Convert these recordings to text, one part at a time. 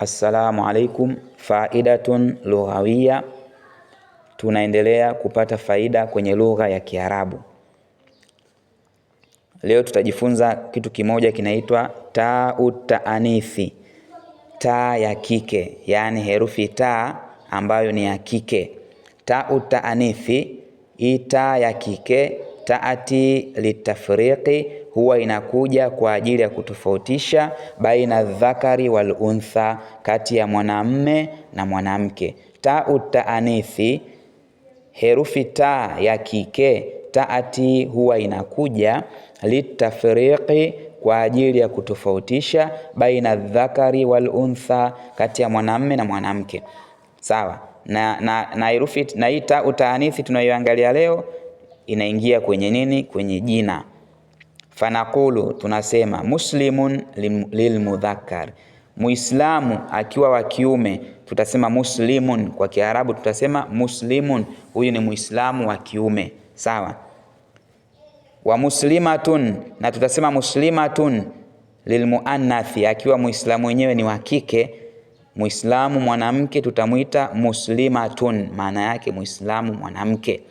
Assalamu alaikum, faidatun lughawiya. Tunaendelea kupata faida kwenye lugha ya Kiarabu. Leo tutajifunza kitu kimoja kinaitwa taa utaanithi taa ya kike, yaani herufi taa ambayo ni ya kike. taa utaanithi hii taa ya kike taati litafriqi, huwa inakuja kwa ajili ya kutofautisha baina dhakari wal untha, kati ya mwanamme na mwanamke. Tau taanithi, herufi ta ya kike taati huwa inakuja litafriqi kwa ajili ya kutofautisha baina dhakari wal untha, kati ya mwanamme na mwanamke. Sawa na, na, na na, na hii ta utaanithi tunayoangalia leo inaingia kwenye nini? Kwenye jina. Fanakulu, tunasema muslimun lilmudhakkar, muislamu akiwa wa kiume tutasema muslimun. Kwa Kiarabu tutasema muslimun, huyu ni muislamu wa kiume, sawa. Wa muslimatun, na tutasema muslimatun lilmuannathi, akiwa muislamu mwenyewe ni wa kike muislamu mwanamke tutamwita muslimatun, maana yake muislamu mwanamke.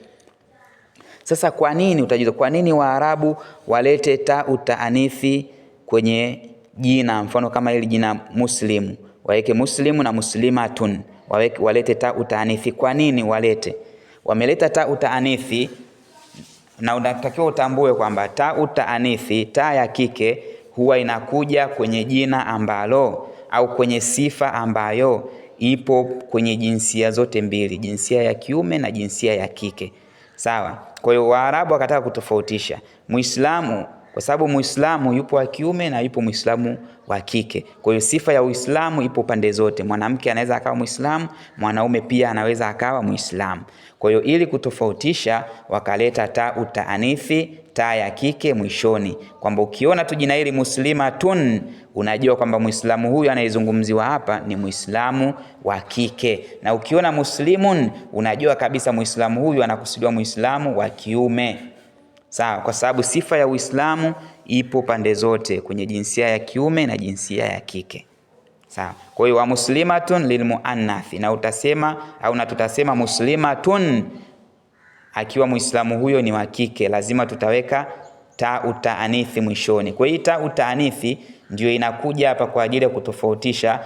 Sasa kwa nini utajiza, kwa nini Waarabu walete ta utaanithi kwenye jina? Mfano kama hili jina Muslimu, waweke muslimu na muslimatun, waweke walete ta utaanithi. Kwa nini walete? Wameleta ta utaanithi, na unatakiwa utambue kwamba ta utaanithi, ta ya kike huwa inakuja kwenye jina ambalo au kwenye sifa ambayo ipo kwenye jinsia zote mbili, jinsia ya kiume na jinsia ya kike sawa. Kwa hiyo Waarabu wakataka kutofautisha Muislamu kwa sababu Muislamu yupo wa kiume na yupo Muislamu wa kike. Kwa hiyo sifa ya Uislamu ipo pande zote, mwanamke anaweza akawa Muislamu, mwanaume pia anaweza akawa Muislamu. Kwa hiyo ili kutofautisha, wakaleta ta utaanithi ta ya kike mwishoni, kwamba ukiona tu jina hili muslimatun, unajua kwamba Muislamu huyu anayezungumziwa hapa ni Muislamu wa kike, na ukiona muslimun, unajua kabisa Muislamu huyu anakusudiwa Muislamu wa kiume sawa, kwa sababu sifa ya Uislamu ipo pande zote, kwenye jinsia ya kiume na jinsia ya kike. Sawa. Kwa hiyo wa muslimatun lilmuannathi, na utasema au na tutasema muslimatun akiwa muislamu huyo ni wa kike, lazima tutaweka ta utaanithi mwishoni. Kwa hiyo ta utaanithi ndio inakuja hapa kwa ajili ya kutofautisha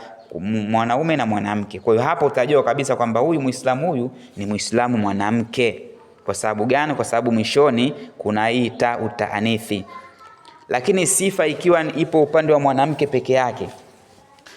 mwanaume na mwanamke. Kwa hiyo hapo utajua kabisa kwamba huyu muislamu huyu ni muislamu mwanamke. Kwa sababu gani? Kwa sababu mwishoni kuna hii ta utaanithi. Lakini sifa ikiwa ipo upande wa mwanamke peke yake,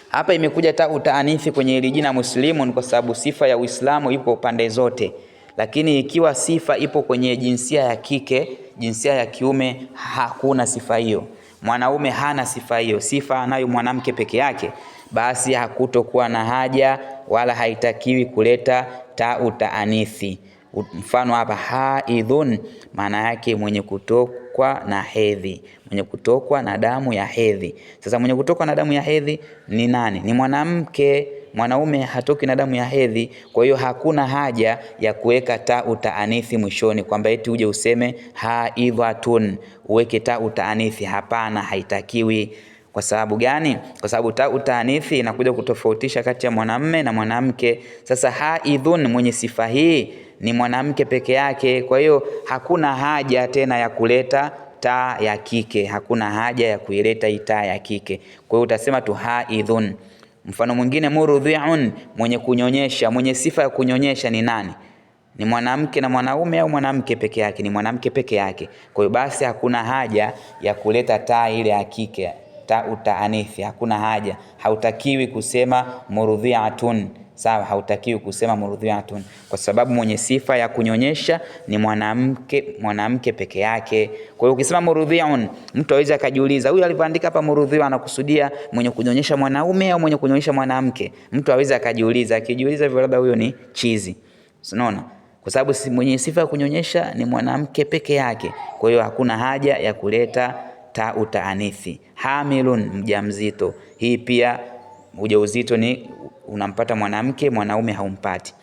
hapa imekuja ta utaanithi kwenye ile jina ni kwa sababu sifa ya Uislamu ipo pande zote. Lakini ikiwa sifa ipo kwenye jinsia ya kike, jinsia ya kiume, hakuna sifa hiyo. Mwanaume hana sifa hiyo, sifa anayo mwanamke peke yake. Basi hakutokuwa na haja wala haitakiwi kuleta ta utaanithi. Mfano hapa haidhun, maana yake mwenye kutokwa na hedhi, mwenye kutokwa na damu ya hedhi. Sasa mwenye kutokwa na damu ya hedhi ni nani? Ni mwanamke. Mwanaume hatoki na damu ya hedhi, kwa hiyo hakuna haja ya kuweka ta utaanithi mwishoni, kwamba eti uje useme haidhatun uweke ta utaanithi. Hapana, haitakiwi. Kwa sababu gani? Kwa sababu utaanithi inakuja kutofautisha kati ya mwanamme na mwanamke. Sasa haidhun, mwenye sifa hii ni mwanamke peke yake. Kwa hiyo hakuna haja tena ya kuleta ta ya kike, hakuna haja ya kuileta ita ya kike. Kwa hiyo utasema tu haidhun. Mfano mwingine murudhiun, mwenye kunyonyesha. Mwenye sifa ya kunyonyesha ni nani? Ni mwanamke na mwanaume au mwanamke peke yake? Ni mwanamke peke yake. Kwa hiyo basi hakuna haja ya kuleta taa ile ya kike ta utaanithi, hakuna haja, hautakiwi kusema murdhiatun. Sawa, hautakiwi kusema murdhiatun, kwa sababu mwenye sifa ya kunyonyesha ni mwanamke, mwanamke peke yake. Kwa hiyo ukisema murdhiun, mtu awezi akajiuliza huyu alivyoandika hapa murdhiun anakusudia mwenye kunyonyesha mwanaume au mwenye kunyonyesha mwanamke? Mtu awezi akajiuliza. Akijiuliza hivyo, labda huyo ni chizi, unaona kwa sababu mwenye sifa ya kunyonyesha ni mwanamke peke yake. Kwa hiyo hakuna haja ya kuleta ta utaanithi, hamilun mjamzito. Hii pia ujauzito ni unampata mwanamke, mwanaume haumpati.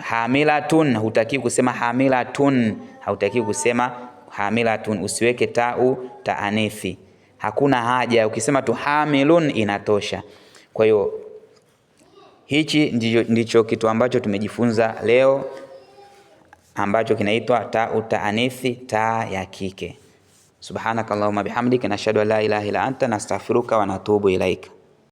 Hamilatun, hutaki kusema hamilatun, hautaki kusema hamilatun, usiweke tau taanithi. Hakuna haja, ukisema tu hamilun inatosha. Kwa hiyo hichi ndicho, ndicho kitu ambacho tumejifunza leo ambacho kinaitwa tau taanithi, taa ya kike. سبحانك اللهم بحمدك نشهد أن لا إله إلا أنت نستغفرك ونتوب إليك